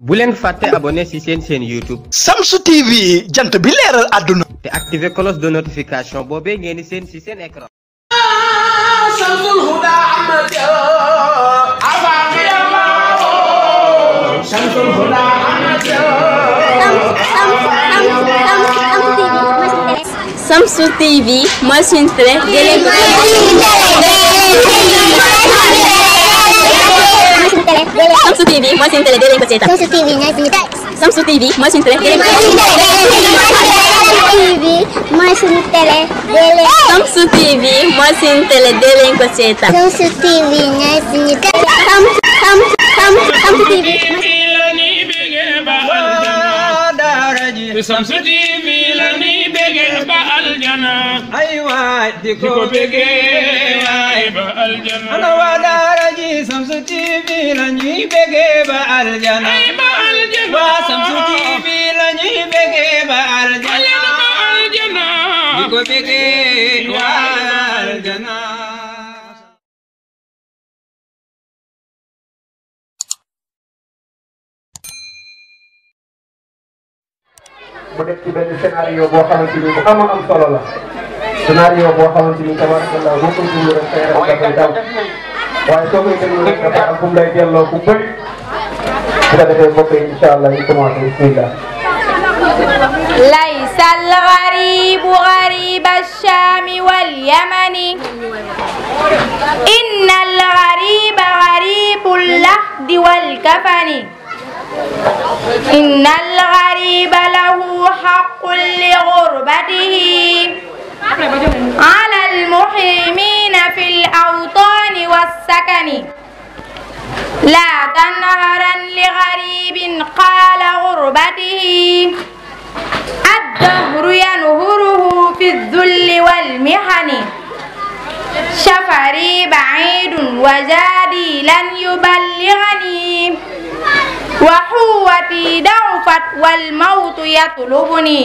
bu len faté abonné ci sen sen YouTube Samsung TV jant bi leral aduna té activer cloche de notification bobé ngeen sen Samsung ci sen écran samsul huda amat afaaqi Allah samsul huda amat Samsung TV mooy 3, télé. Samsu TV mooy suñu télé dinañ ko seetaan. Samsu TV ñooy suñu télé. Samsu TV mooy suñu télé. mooy suñu télé dinañ Samsu TV mooy suñu télé dinañ ko seetaan. Samsu TV ñooy suñu télé. Samsu Samsu Samsu Samsu TV. Samsu TV. ay waay di ko bëggee waay ba aljana ana waa daara ji Shamsu TV la ñuy bëggee ba aljana ay ba aljana waa Shamsu TV di ko bëggee waay aljana mu def ci benn scénario boo xamante ni bu am am solo la scénario boo xamante ni tabarakallah boo ko déglu rek say rek dafay daw waaye soo koy déglu rek dafa am fu mu lay delloo bu bëri bu ko defee mbokk yi incha allah ñu commencé bismillah ليس الغريب غريب الشام واليمن إن الغريب غريب اللحد والكفن إن الغريب له حق لغربته على المحيمين في الأوطان والسكن لا تنهرا لغريب قال غربته الدهر ينهره في الذل والمحن شفري بعيد وجادي لن يبلغني وحوتي ضعفت والموت يطلبني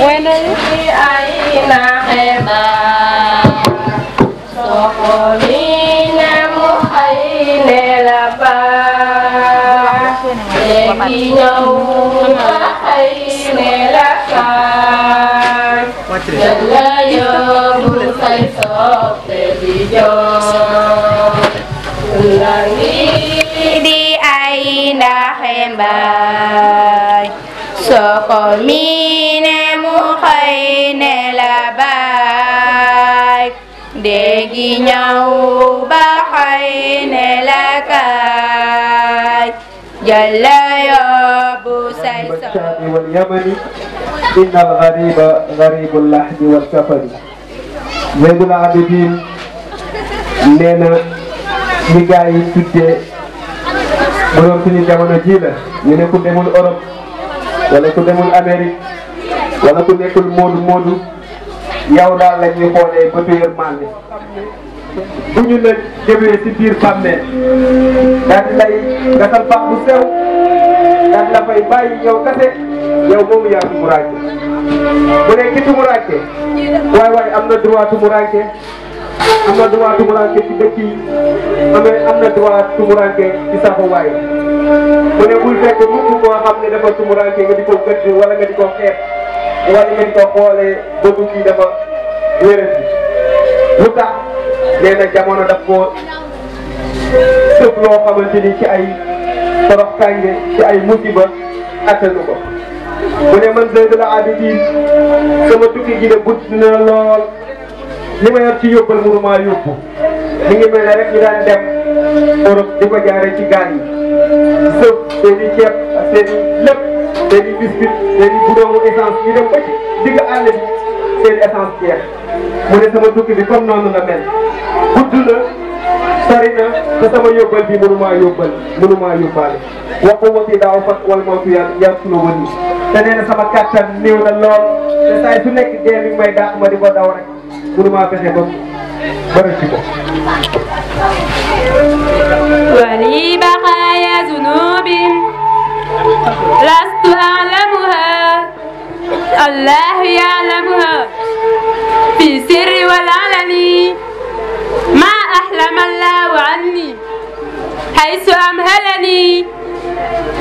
ونلقي أين حيطان صحنين محين لبان يكي يوم حين لبان يلا يوم خيصة تبجان قومين مخين لباك ديجي نيو بحين لكاك جل يا أبو سيسر الشعب واليمن إن الغريب غريب اللحد والكفن زيد العابدين لنا لقاي تدي بلوم سني جامانا جيلا ينكو دمون أوروب wala ku demul Amérique wala ku nekkul Moodu Moodu yow daal la ñuy xoolee bëtu yërmande bu ñu la si biir bàmmeel daal lay gasal baax bu sew daal la fay bàyyi yow kase yow moomu yaa tumuraanke bu dee ki tumuraanke waay am na droit tumuraanke am na droit tumuraanke ci dëkk yi am na droit tumuraanke ci saxuwaay mu ne bul fekk mukk koo xam ne dafa tumuraanke nga di ko gëdd wala nga di kau xeeb wala nga di kau xoolee bëggu ki dafa wérati lu tax nee na jamono daf koo sëf loo xamante ni ci ay torox kànge ci ay musiba attanu ko mu ne man Zayd la abidin sama tukki gi de gudd na lool li ma yor ci yóbbal mënumaa yóbbu mi ngi mel rek ñu daan dem Europe di ci sëb seen i ceeb seen i lépp seen i biscuit seen i bidon essence ñu dem ba ci digg àll bi seen essence jeex mu ne sama tukki bi comme noonu la mel gudd na sori na te sama yóbbal bi mënu maa yóbbal mënu maa yóbbaale wax ko wati daaw fat wal moo fi yàlla yàlla suñu wëni te nee na sama kàttan néew na lool te saay nekk dee mi may dàq ma di ko rek mënu maa fexe ba ba rëcc ko تعلم الله عني حيث أمهلني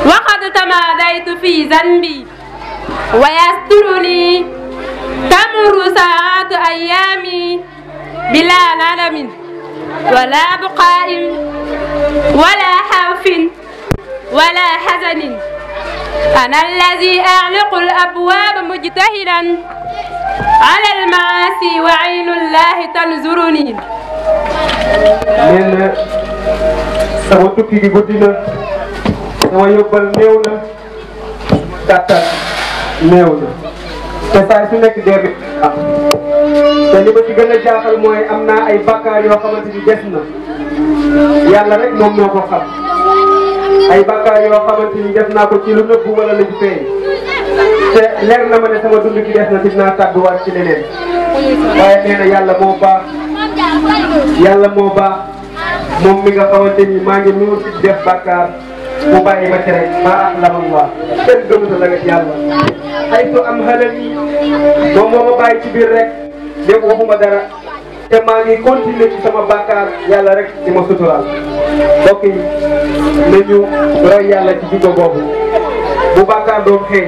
وقد تماديت في ذنبي ويسترني تمر ساعات أيامي بلا ندم ولا بقاء ولا خوف ولا حزن أنا الذي أعلق الأبواب مجتهدا على المعاصي وعين الله تنظرني نينا سما توكي غي غودينا سما يوبال نيونا تاتال نيونا te saa su nekk dee bi am te li ma ci gën a jaaxal mooy am naa ay bakkaar yoo xamante ni des na yàlla rek moom moo ko xam ay bakkaar yoo xamante ni def naa ko ci lu nëbbu wala la ci feeñ te leer na ma ne sama dund gi des na dinaa tàbbiwaat ci leneen waaye nee na yàlla moo baax yàlla moo baax moom mi nga xamante ni maa ngi nuur ci def bàkkaar mu bàyyi ma ci rek ma ahlamallah kenn gëmuta la nga ma bàyyi ci biir rek dégg waxuma dara te maa ngi continuer sama bàkkaar yàlla rek di ma suturaal mbokk yi nañu roy yàlla ci jikko boobu bu bàkkaar doon xëy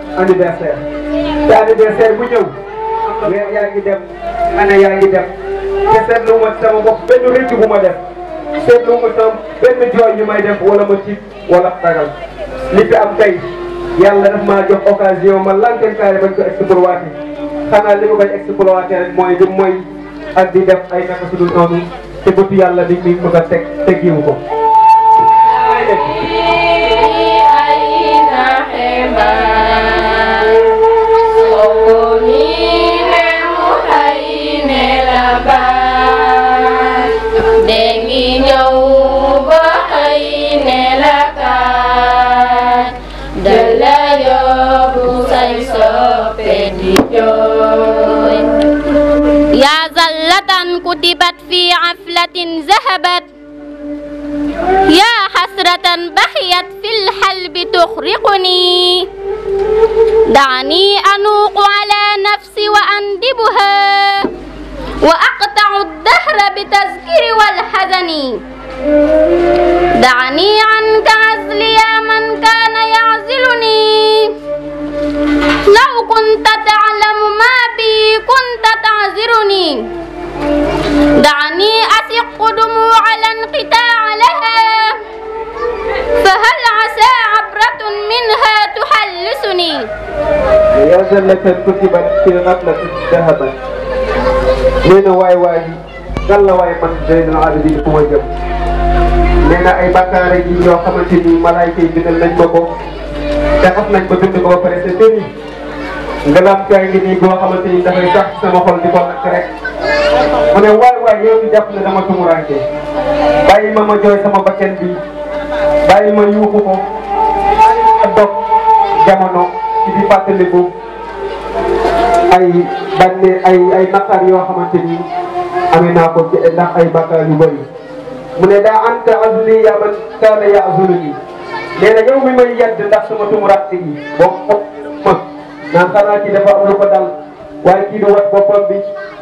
anniversaire te anniversaire bu ñëw weer yaa ngi dem année yaa ngi dem te seetlu ma sama bopp benn rëcc bu ma def seetlu ma sama benn jooy ñu may def wala ma tiit wala ragal li am tey yàlla daf maa jox occasion ma lankenkaare bañ ko exploité xanaa li ma koy exploité rek mooy li mooy ak di def ay naka su dul noonu te bëtu yàlla di mi bëgg a teg teggiwu ko أدبت في عفلة ذهبت يا حسرة بحيت في الحلب تخرقني دعني أنوق على نفسي وأندبها وأقطع الدهر بتذكير والحزن دعني عنك عزلي يا من كان يعزلني لو كنت تعلم ما بي كنت تعذرني دعني أثق دموع لن قتاع لها فهل عسى عبرة منها تحلسني يا زلة الكتبة في الأطلس الذهب من واي واي قال واي من زين العابدين كوجب من أي بكار يو خمسيني ملايك يجدل نجمكو تخف نجمكو تبقو فرسيني غلاب كاي غني بو خمسيني دفعي شخص مخول ديكو mu ne waay waay yow di jàpp ne dama tumuraanke bàyyi ma ma jooy sama bakken bi bàyyi ma yuuxu ko a dog jamono ci di fàttaliku ay banne ay ay naqar yoo xamante ni amee naa ko ay bàkkaar yu bëri mu ne daa anta azli ya man kaana yazulu nii nee na yow mi may yedd ndax sama tumuraanke yi boo ma naan xanaa ci dafa am lu dal waaye kii du wat boppam bi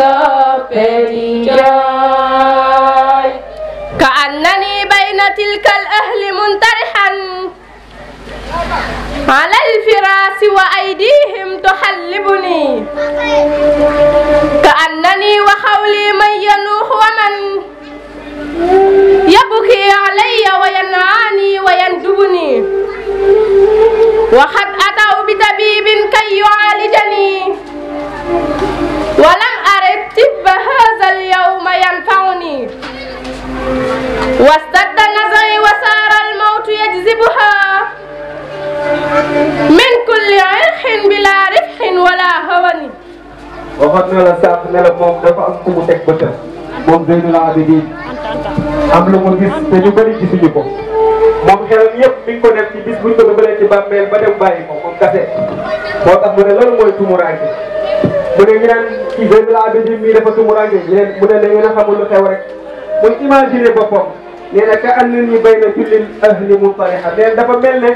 سبيلي كأنني بين تلك الأهل منطرحا على الفراس وأيديهم تحلبني كأنني وحولي من ينوح ومن يبكي علي وينعاني ويندبني وقد أتوا بطبيب كي يعالجني ولم أرى الطب هذا اليوم ينفعني وازدد نزعي وسار الموت يجذبها من كل عرق بلا رفح ولا هون waxoon na la sànq ne la moom dafa am ku mu teg bëtëm moom Zeynul Abidin am lu mu gis te ñu bëri gisuñu ko moom xelam yëpp mi ngi ko def ci bis buñ ko dugalee ci bàmmeel ba dem bàyyi ko moom kase moo tax mu ne loolu mooy tumuraanke mu ne ñu naan Zeynul Abidin mii dafa tumurànke leen mu ne na ngeen a xamul lu xew rek muy imaginer boppam nee na ka ànd ni bay na jullil ahli muntariha nee dafa mel ne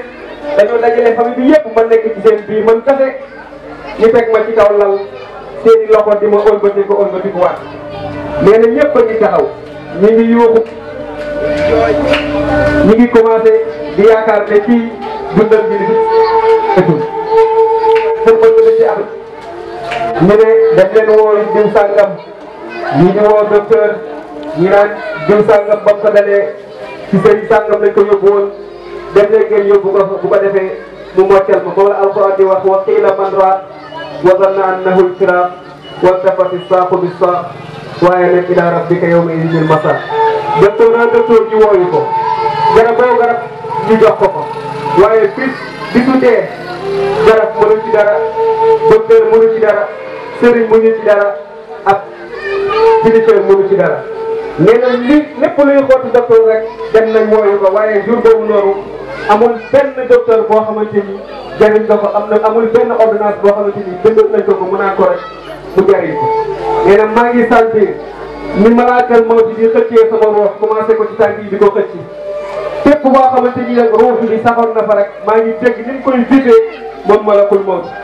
dañoo dajale famille bi yëpp man nekk ci seen biir man kase ñu teg ma ci kaw lal seeni loxo di ma ëlbati ko ëlbati ko waat nee na ñëpp a ngi taxaw ñu ngi yuuxu ñu ngi commencé di yaakaar ne kii dundal ji ñu ne daf leen woo diw sàngam ñi ñu woo docteur ñi naan diw sàngam ba ko dalee ci seen sàngam lañ ko yóbbu woon dem leen ngeen yóbbu ko bu ko defee mu moccal ma moom la alquran di wax wa qiila man raa wa zanna annahu l-firaaq waltafati s-saaqu bis-saaq waaye nag ilaa rabbika yawma idin il-masaaq docteur naa docteur ñu wooyu ko garab boo garab ñu jox ko ko waaye bis bisu dee garab mënu ci dara docteur mënu ci dara sëriñ mu ñu ci dara ak directeur mënu ci dara nee na li lépp luy xooti docteur rek dem nañ mooyu ko waaye jour boobu noonu amul benn docteur boo xamante ni jëriñ ko am na amul benn ordonnance boo xamante ni bindal nañ ko ko mu naan ko rek mu jëriñ ko nee na maa ngi sentir ni malaakal mawti di xëccee sama roox commencé ko ci tànk yi di ko xëcc képp boo xamante ni rek ruux bi saxoon na fa rek maa ngi dégg ni koy visé moom malakul mawti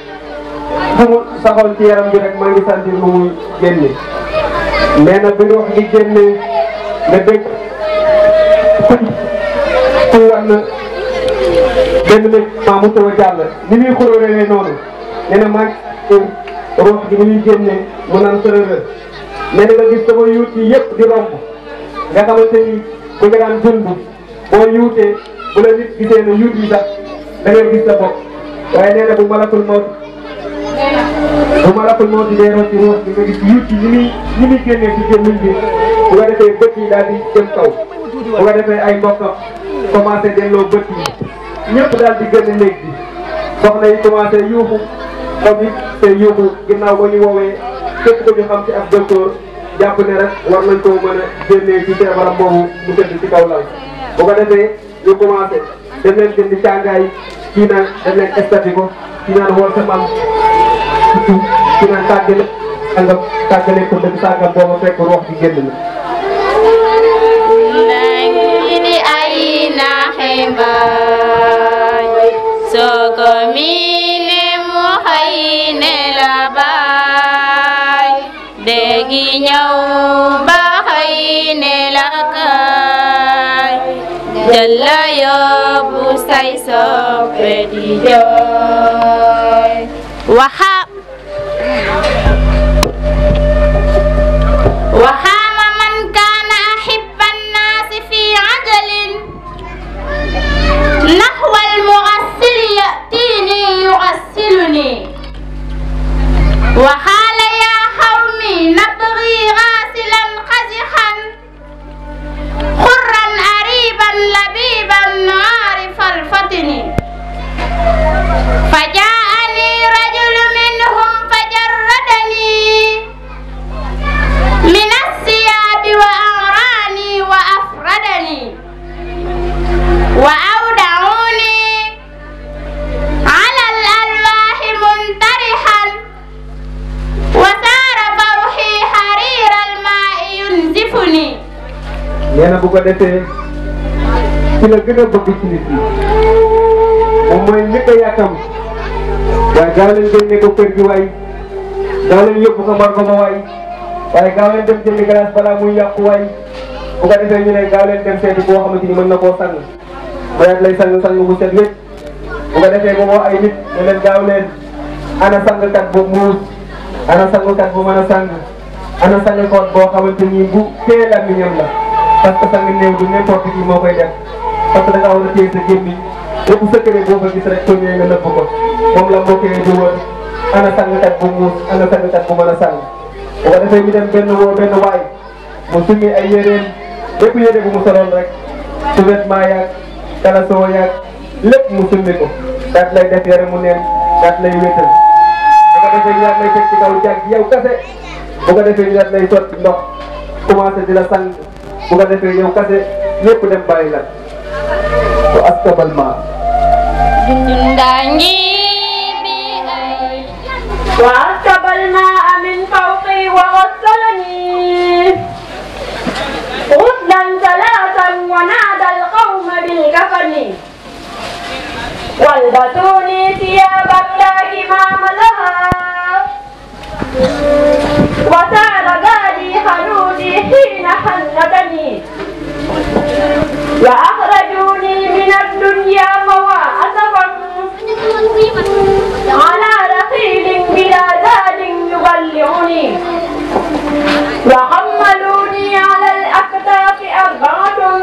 fu mu saxoon ci yaram bi rek maa ngi sentir lu muy génne nee na bi ruux gi génne nga dégg kuy wax na benn mu taw a jàll ni muy xuróoree noonu nee na maa ngi ruux gi ni muy génne mu naan sërërë nee nga gis sama yuut yi yëpp di romb nga xamante ni bu nga daan dund boo yuutee bu la gisee ne yuut sax da ngay gis sa bopp waaye nee bu malakul mawt bu malakul moo di leeral ci ruux bi nga gis yuut yi ni muy ni muy génnee ci bi bu nga defee bët yi daal di jëm kaw bu nga defee ay mbokkam commencé delloo bët yi ñëpp daal di gën a néeg bi soxna yi commencé yuuxu comme it te yuuxu ginnaaw ba ñu woowee képp ko ñu xam ci ab docteur jàpp ne rek war nañ koo mën a génnee ci feebaram boobu mu tëdd ci kaw lal bu ko defee ñu commencé dem leen jëndi càngaay kii naan estati ko kii naan xool sa ki naan tàggale sàngam tàggale ko dëgg sàngam booba fekk wax ji génn na. gi ñëw ba xëy ne la kaay jël la yóbbu say soppe di jooy يغسلني وقال يا قوم نبغي غاسلا قزحا خرا أريبا لبيبا عارف الفتن فجاء nee na bu ko defee ci la gën a bëgg ci nit ñi moom mooy njëkk a yàkkam waaye gaaw leen jëndee ko kër gi waay gaaw leen yóbbu ko mbar ko ma waay waaye gaaw leen dem jëndi glace balaa muy yàqu waay bu ko defee ñu ne gaaw leen dem seeti boo xamante ni mën na koo sang mu daal lay sang sang bu set lépp bu ko defee ba woo ay nit ne leen gaaw leen ana sangkat boobu muus ana sangkat bu mën a sang ana sangkat boo xamante ni bu teel ak ñam la. parce que sang néew du n'importe qui moo koy def parce que da ngaa war a téye sa gémmiñ lépp secret boo gis rek soo ñëwee nga nëbb ko moom la mbokkee di woon ana sangkat bu muus ana sangkat bu mën a sang bu ko defee ñu dem benn woo benn waay mu ay yéreem lépp yére bu mu soloon rek su vêtement yaag kalasoo yaag lépp mu summi ko daat lay def yare mu neen daat lay wétal bu ko defee ñu daat lay teg ci kaw jàgg bu ko defee ñu daat lay sotti ndox bu ko defee yow kase lépp dem bàyyi la astabal ma dundangi bi ay wa astabal ma min fawqi wa ghassalani غسلا ثلاثا ونادى القوم بالكفن والبسوني ثياب الداك ما ملها وسار غادي العالمين وأخرجوني من الدنيا فوا أسفا على رحيل بلا زاد يغلعني وحملوني على الأكتاف أربعة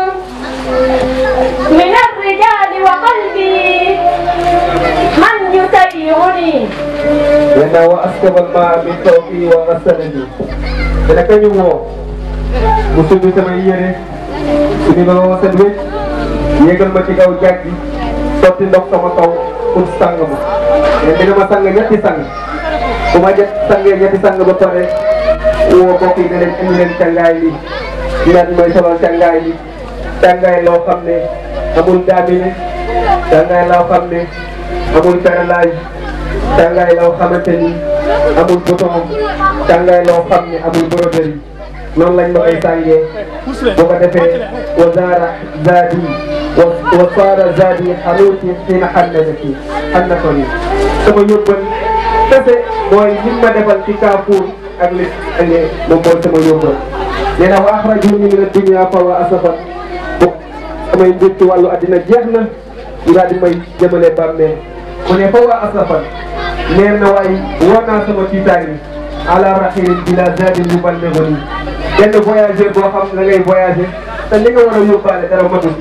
من الرجال وقلبي من يسيرني لأنه أسكب الماء من فوقي وغسلني لكن يوم mu summi samay yére suñu ma ma set wécc yéegal ma ci kaw jàkk ji sotti ndox sama kaw pour sang ma mais dina ma sang ñetti sang bu ma jot sangee ñetti sang ba pare woo mbokk yi ne leen indi leen càngaay li ñaat mooy solal li càngaay loo xam ne amul daamine eh. càngaay loo xam ne eh. amul carrelage càngaay loo xamante ni amul bouton càngaay eh. loo xam ne amul broderie noonu lañ ma koy sàngee bu ko defee wa zaara zaadi wa saara zaadi xanuuti xiina xannabati xannatoni sama yóbbal kese mooy li ma defal ci Kaafuur ak li ane moom mooy sama yóbbal nee na wa axrajuni min addunia fawa asafan bu samay mbir ci wàllu addina jeex na ñu daal di may jëmale bàmmee mu ne fawa asafan nee na waay woo naa sama tiitaar yi benn voyageur boo xam ne da ngay voyagé te li nga war a yóbbaale dara matul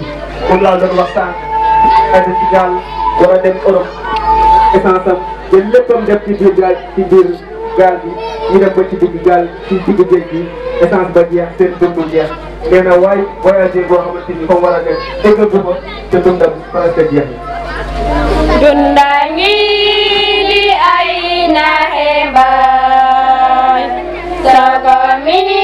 moom laa doon wax sànq xëy ci gaal war a dem Europe jël léppam def ci biir gaal ci biir gaal bi ñu def ci digg gaal ci digg géej gi essence ba jeex seen dund jeex nee na waay voyageur boo xamante ni comme war a def déggagu fa te dundam presque jeex na. dundangi li ay naxe bañ.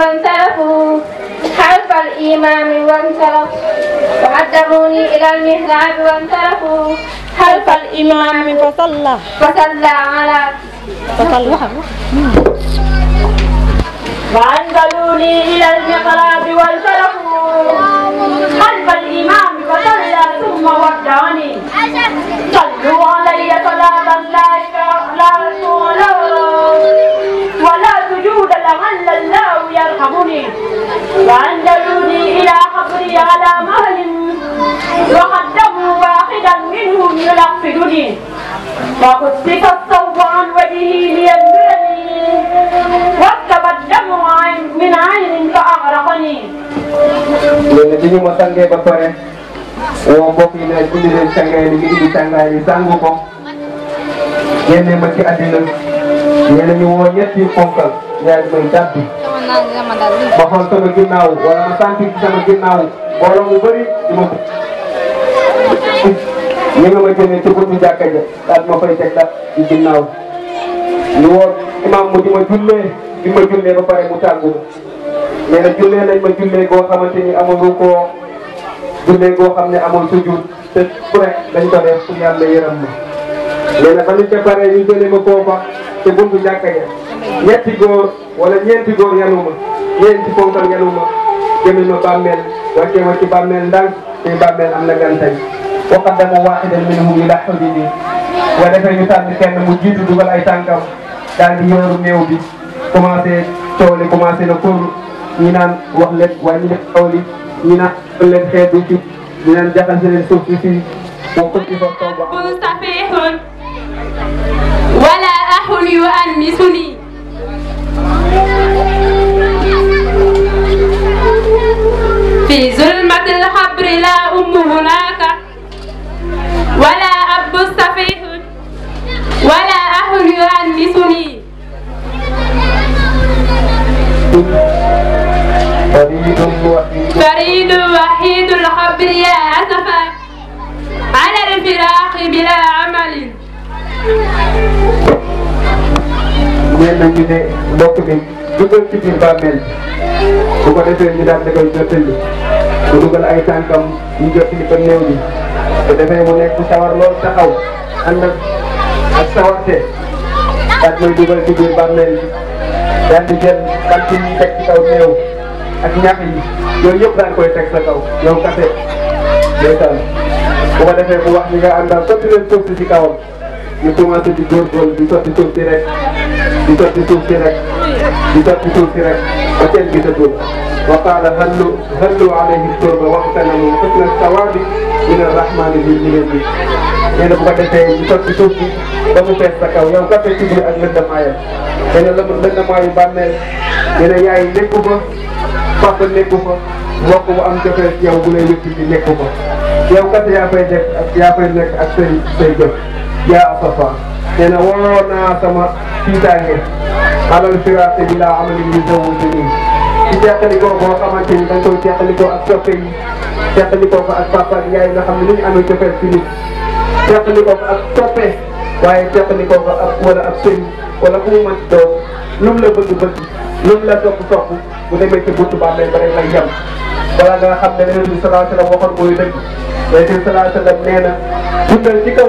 وانتلفوا خلف الإمام وانتلفوا وقدموني إلى المهراب وانتلفوا خلف الإمام فصلى فصلى على فصلى وأنزلوني إلى المقراب وانتلفوا خلف الإمام ثم ودعني صلوا علي صلاة لا لا ولا سجود لعل الله يرحمني وأنزلوني إلى قبري على مهل وقدموا واحدا منهم يلقفني وكشف الثوب عن وجهي لينبرني واكتب الدمع من عين فأغرقني. woo mbokk yi ne indi leen càngaay li ñu indi càngaay li sangu ko génne ma ci àddina nee nañu woo ñetti fonkal ñaari may jàppi ma xool sama ginnaaw wala ma sant ci sama ginnaaw mbooloo mu bëri di ma ñu ma jëlee ci buntu jàkka ja daal ma fay teg dat ci ginnaaw ñu woo imaam mu di ma jullee di ma jullee ba pare mu tàggu nee na jullee nañ ma jullee koo xamante ni amul ko jullee goo xam ne amoon sujud te ku rek dañ ko def pour yàlla yërëm ma nee na ba ñu ca pare ñu jëlee ma foofa te buntu jàkka ya ñetti góor wala ñeenti góor yanu ma ñeenti ponkal yanu ma jëmi ma bàmmeel wàcce ma ci bàmmeel ndànk te bàmmeel am na gan tey wa qaddama waahidan minhum ila hudibi wa defee ñu tànn kenn mu jiitu dugal ay tànkam daal di yooru néew bi commencé coole commencé na kóor ñi naan wax leen waaye ñu def ñu naan leen xeet bu jub ñu naan jaxase leen suuf si si boo ko ci fa tooba. nañu ne mbokk mi dugal ci biir bu ko defee ñu daal di koy jottali bu dugal ay tànkam ñu jottali ko néew bi te defee mu nekk sawar lool taxaw ànd ak ak sawarte daal mooy dugal ci biir bàmmeel daal di jël bant yi teg ci kaw néew ak ñax yi yooyu yëpp daal koy teg sa kaw de kase ndeysaan bu ko defee bu wax ñi nga àndal sotti leen suuf si ci kawam ñu commencé di góorgóorlu di sotti suuf si rek di jot ci suuf si rek di jot ci suuf si rek ba kenn gisatul wa qaala hallu hallu alayhi turba waxtanamu xusna sawaabi min arrahmani bi jigéen bi nee na bu ko defee di jot ci suuf bi ba mu fees sa kaw yow ka fekk ci ak lëndamaayam nee na lëndamaayu bàmmeel nee na yaay nekku fa papa nekku fa mbokk bu am jëfee yow bu lay yëkk ci nekku fa yow kese yaa fay nekk ak yaa fay nekk ak say say jëf yaa asafa nee na woo naa sama tiitaange alal firaase bi laa amal ñu sawul si nii ci teqalikoo boo xamante ni dañ koy teqalikoo ak soppe yi teqalikoo ko ak papa ak yaay nga xam ne li ñu amee cofeel si nit teqalikoo ko ak soppe waaye teqalikoo ko ak wala ak sëriñ wala ku mu mën lu mu la bëgg bëgg lu mu la topp topp bu demee ci buntu bàmmeel ba rek lay yem wala nga xam ne Yonent bi sallallahu alayhi wa sallam waxoon mooy dëgg Yonent bi sallallahu alayhi wa sallam nee na dundal ci kaw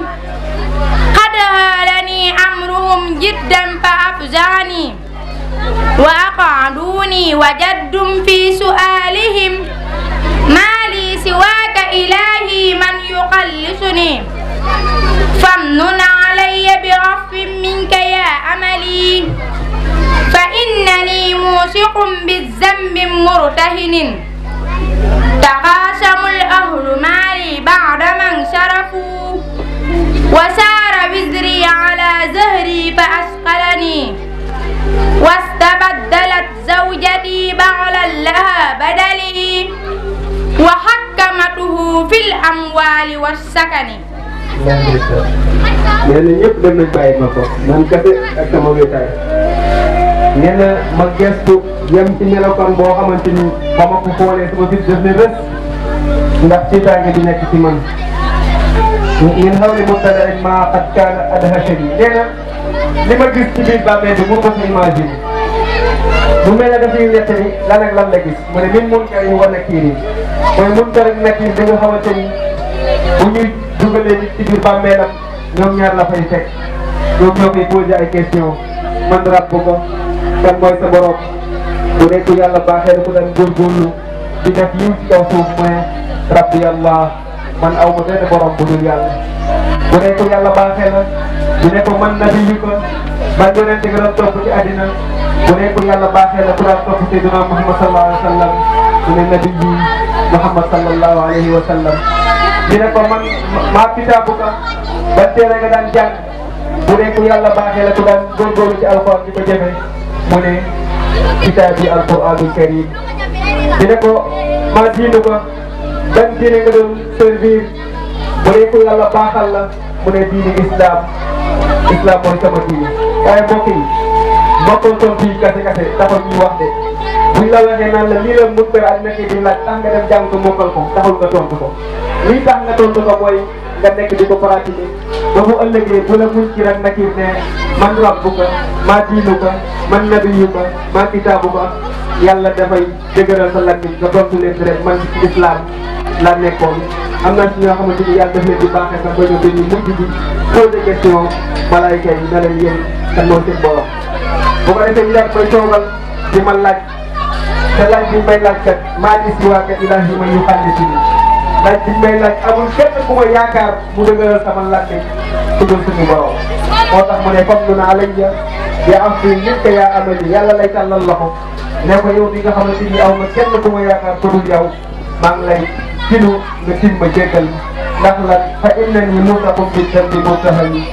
جدا فأفزعني وأقعدوني وجد في سؤالهم ما لي سواك إلهي من يقلصني فامنن علي برف منك يا أملي فإنني موثق بالذنب مرتهن تقاسم الأهل مالي بعد من شرفوا وسار وزري على زهري فأثقلني واستبدلت زوجتي بعلا لها بدلي وحكمته في الأموال والسكن nee na ñëpp dem nañ bàyyi ma ko man kese ak sama wéetaay nee na ma gestu yem ci melokaan boo xamante ni ba ma ko xoolee sama fit def ne rës ndax ci tànge di nekk ci man min hawli mutala ma qad kaana adhashani nee na li ma gis ci biir bàmmeel bi mun ko fi imagine bu mel ne dafay nettali lan ak lan la gis mu ne min munkar wa nakiir mooy munkar ak nakiir bi nga xamante ni bu ñuy dugalee nit ci biir bàmmeelam ñoom ñaar la fay fekk ñoom ñoo koy posé ay question man ràbb ko kan mooy sa borom bu nekk yàlla baaxee na ku daan góorgóorlu di def yiw ci kaw suuf mooy rabbi yàlla man aw ma benn borom bu dul yàlla bu ne ko yàlla baaxee la bu ne ko mën na fi ko man yonente nga doon topp ci àddina bu ne ko yàlla baaxee la ku daan topp Seydina Muhammad sallallahu alayhi wa sallam mu ne nabi bi Muhammad sallallahu alayhi wa sallam ñu ne ko man maa kitaabu ka ban téere nga daan jàng bu ne ko yàlla baaxee la ku daan góorgóorlu ci alxuraan di ko jëfe mu ne kitaab yi alxuraanul karim ñu ne ko maa diinu ka ban diine nga doon servir bu dee ko yàlla baaxal la mu ne diine islam islam mooy sama diine waaye mbokk yi mbokkul tool bii kase kase taxul ñuy wax de buñ la waxee naan la lii la mën bëri àddina kii di laaj tax nga dem jàng ko mokkal ko taxul nga tontu ko lii tax nga tontu ko mooy nga nekk di ko pratiquer. ba mu ëllëgee bu la munkiran nakir ne man rabbuka maa diinuka man nabiyuka maa kitaabuka yàlla dafay dëgëral sa lakk nga tontu leen rek man ci islam la nekkoon am na ci ñoo xamante ni yàlla daf leen di baaxee sax ba ñoom dañuy mujj di posé question malaayka yi na leen yéen kan mooy seen borom bu ko defee ñu def may toogal di ma laaj te laaj bi may laaj kat maa ngi si waa kat ilaahi yu xàlli si laaj bi may laaj amul kenn ku ma yaakaar mu dëgëral sama laajte ku dul suñu borom moo tax mu ne fadlu na alayya yaa am fii nit yaa amali yàlla lay tàllal loxo ne ko yow mi nga xamante ni aw ma kenn ku ma yaakaar ku dul yow maa ngi lay tilu nga tim ma jéggal ndax lan fa inna ni mutaqum bi dambi mutahali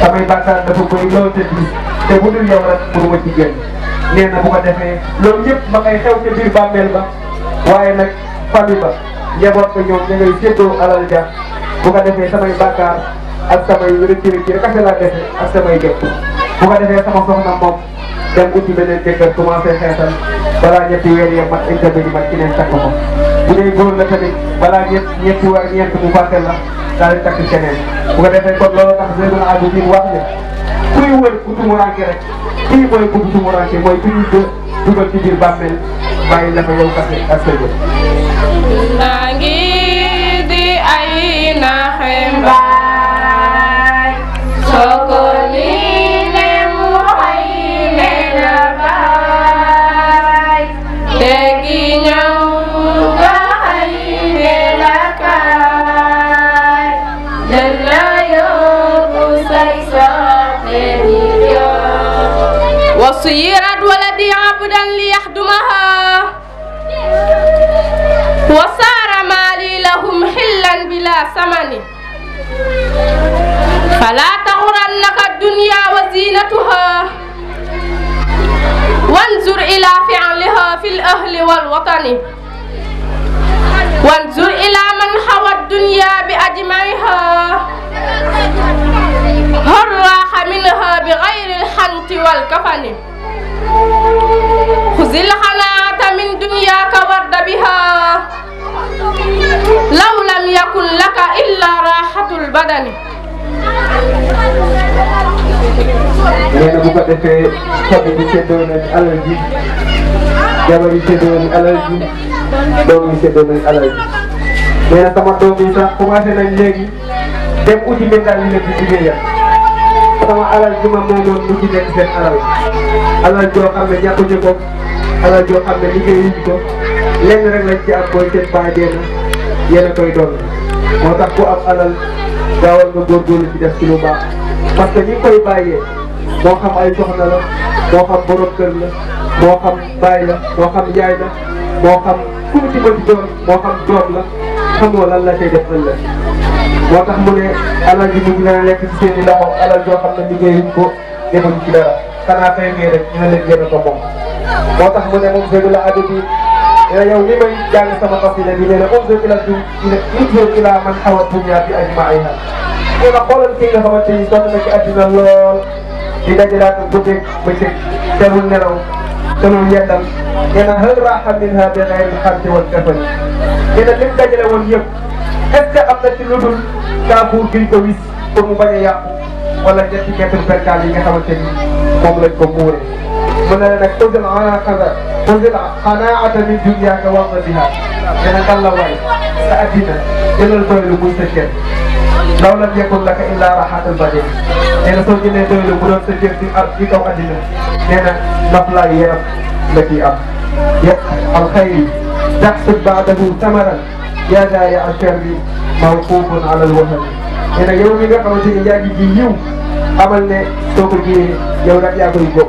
samay bàkkaar dafa bëri lool te di te bu dul yow rek pour ma ci génn na bu ko defee loolu yëpp ma koy xew ca biir bàmmeel ba waaye nag famille ba njaboot ko ñoom ña ngay séddoo alal ja bu ko defee samay bàkkaar ak samay rëcc rëcc rek kese laa defee ak samay gépp bu ko defee sama soxna moom dem uti beneen jëkkër commencé xeesal balaa ñetti weer ya mat examen yi mat ki neen takk ko bu dee góor la tamit balaa ñett ñetti weer ñeent mu fàtte la daal di takk keneen bu ko defee kon loolu tax Seydina Abidine wax ne kuy wër ku tumuranke rek kii mooy ku tumuranke mooy ku ñu dugal ci biir bàmmeel bàyyi la fa yow kase ak sa وصيرت ولدي عبدا ليخدمها وصار مالي لهم حلا بلا ثمن فلا تغرنك الدنيا وزينتها وانظر إلى فعلها في الأهل والوطن وانظر إلى من حوى الدنيا بأجمعها هراح منها بغير الحنط والكفن خذ الحنان min dunya ka warda biha law lam يكن laka illa rahatul badani neena bu ko defé xob ci doon ak alal ji jabar ci doon nañ alal ji doon yi séddoo nañ alal ji neena sama doom yi sax commencé nañ légui dem uti mental yi nekk ci ya sama alal ji ma mo mu ci nekk sen alal alal joo xamné ñakku ci ko alal joo xam ne liggéeyuñ ko lenn rek lañ ci am mooy seen baay dee na yéen a koy doon moo tax ku am alal gaawal nga góorgóorlu ci def ci lu baax parce que ñi koy bàyyee moo xam ay soxna la moo xam borom la moo xam baay la moo xam yaay la moo xam ku ci mën doon moo xam doom la xamoo lan la cay def ëllëg moo tax mu ne alal ji mu dina lekk ci seen i loxo alal joo xam ne liggéeyuñ ko defuñ ci dara xanaa fay ngay rek dina leen gën a ko moo tax mu ne moom Seydou la adabi ne yow li may jàng sama xasida bi nee na unzur ila du unzur ila man hawa dunya bi ajma'iha nee na xoolal kii nga xamante ni sonn na ci àddina lool di dajalaat guddeeg bëccëg teelul nelaw teelul yeddal nee na hal raaxa minha bi xayri xamdi wal kafani nee na lim dajale woon yëpp est ce que am na ci lu dul kaabuur giñ ko wis pour mu bañ a yàqu wala ñetti mètre percal yi nga xamante ni moom lañ ko muuree mu ne la nag xudul anaata xudul anaata min dunyaaka warda biha nee na lan la waay sa addina jëlal doylu muy sa kër law lam yakun laka illa raxaatal badin nee na soo jëlee doylu bu doon sa kër di ar di kaw addina nee na naflaay yaram la ciy am yëpp alxayri taxsib baadahu tamaran yaa daa ya alxayri mawquufun ala alwahami nee na yow mi nga xamante ne yaa ngi ji yiw amal ne soo ko jiyee yow nag yaa koy góob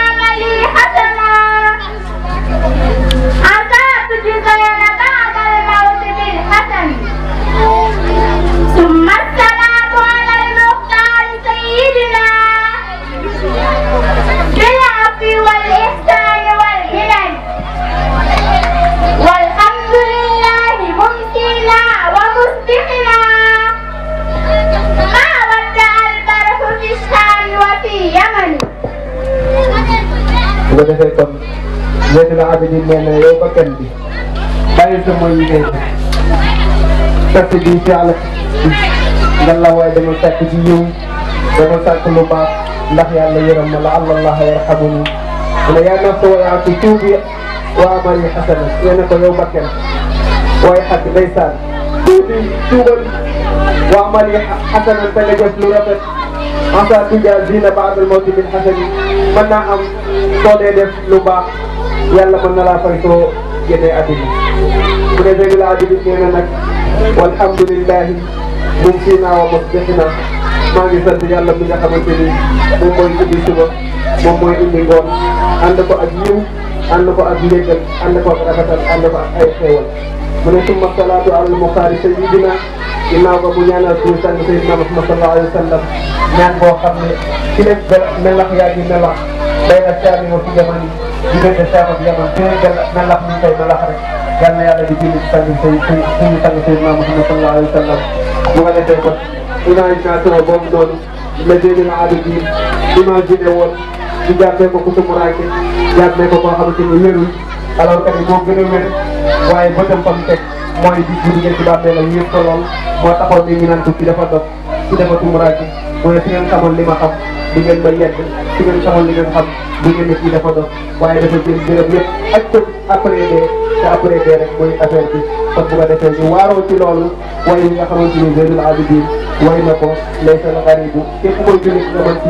defee kon Zeynul Abidin nee na yow bakkan bi bàyyi sa mooy yi ngay def takk ji ci àll nga la waaye dama takk ci yiw dama takk lu baax ndax yàlla yërëm ma la allah yarhamuni mu ne yaa nafsu wayaatu tuubi waa amari xasana nee na ko yow bakkan waaye xaj ndeysaan tuubi tuubal waa amari xasana te nga jëf lu rafet asa tujaazina ba'dal mawti bil hasani mën naa am soo dee def lu baax yàlla mën na laa fay soo génnee àddina bu dee dëgg la àddina nee na nag walhamdulillahi mumtina wa musbihina maa ngi sant yàlla mi nga xamante ni moom mooy indi suba moom mooy indi ngoon ànd ko ak yiw ànd ko ak njéggal ànd ko ak rafetal ànd ko ak ay xéewal mu ne summa salaatu alal muxtaari sayidina ginnaaw ba bu ñaanal suñu sànn sayidina Muhammad sallallahu alayhi wa sallam ñaan boo xam ne ci lépp ba melax yaa ngi melax day na saami wa fi jaman yi diggante saam ak jaman ci lépp gën melax ñu koy melax rek yal na yàlla di bind sànn say suñu sànn sayidina Muhammad sallallahu alayhi wa sallam mu nga defee kon imagination boobu noonu la déedéet aada bi imaginé woon ñu jàppee ko ku tumuraake jàppee ko koo xamante ni wérul alors que ni moo gën a wér waaye bëtam fam teg mooy di jur ngeen ci bàmmee la yëpp lool moo taxoon ni ñu naan ko ci dafa dof ci dafa tumuraake mooy fi ngeen xamoon li ma xam di ngeen ma yedd fi ngeen xamoon li ngeen xam di ngeen ne kii dafa dof waaye dafa jël béréb yëpp ak tëb après dee te après dee rek mooy affaire bi kon bu ko defee ñu waaroo ci loolu waaye nga xamante ni Abidin way na laysa al xaribu képp mooy jullit nga mën ci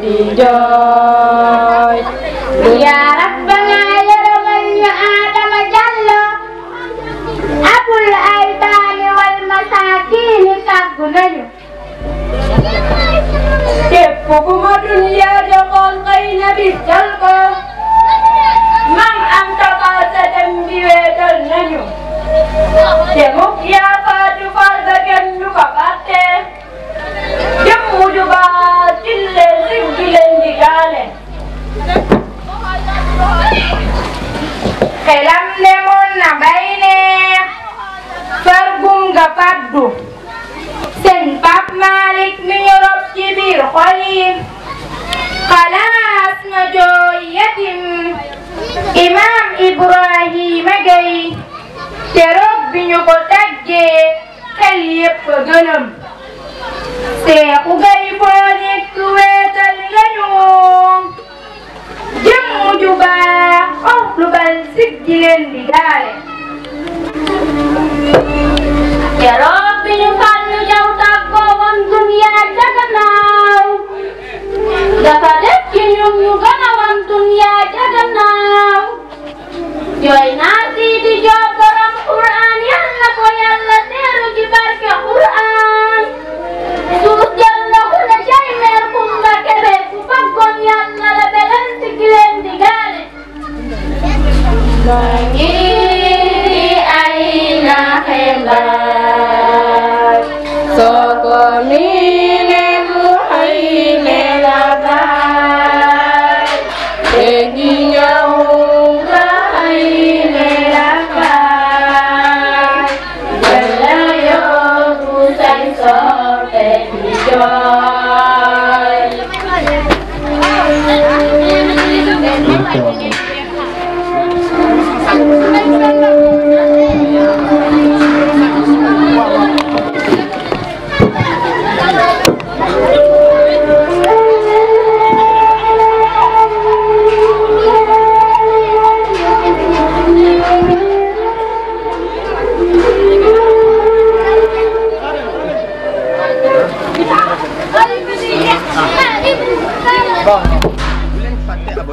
di jooy lu yaarab ba nga yërëmal ñu aadama jàllo abul aytaani wal masaakiini tàggu nañu képp ku ma dun yaa joxoon xëy na bis jal ko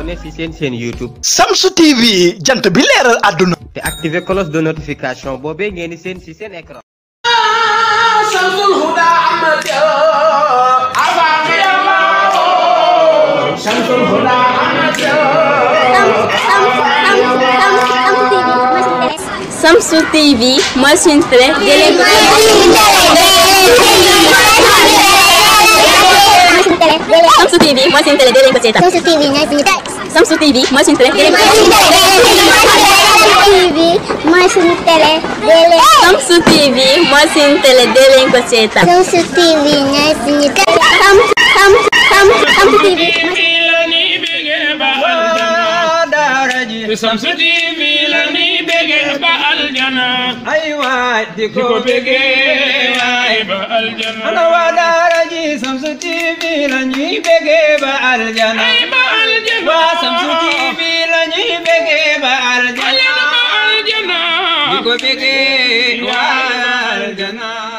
abonné ci seen seen YouTube samsu TV jant bi leral aduna té activer cloche de notification bobé ngeen di seen ci seen écran samsul huda amati ya. afaami ya, Allah ya. samsul huda amati samsu TV mooy suñu télé Shamsu TV mooy suñu télé dégg nga ko seetaan Shamsu TV ñooy suñu télé Samsu TV mooy suñu télé. mooy suñu télé. Samsu TV mooy suñu télé dee leen ko seetaan. Samsu TV mooy suñu télé. Samsu Samsu Samsu Samsu TV. Samsu TV. aljana ay waay di ko bëgge waay ba waa daara ji Shamsu TV la ñuy bëgge ba aljana ay ba la ñuy di ko bëgge waay aljana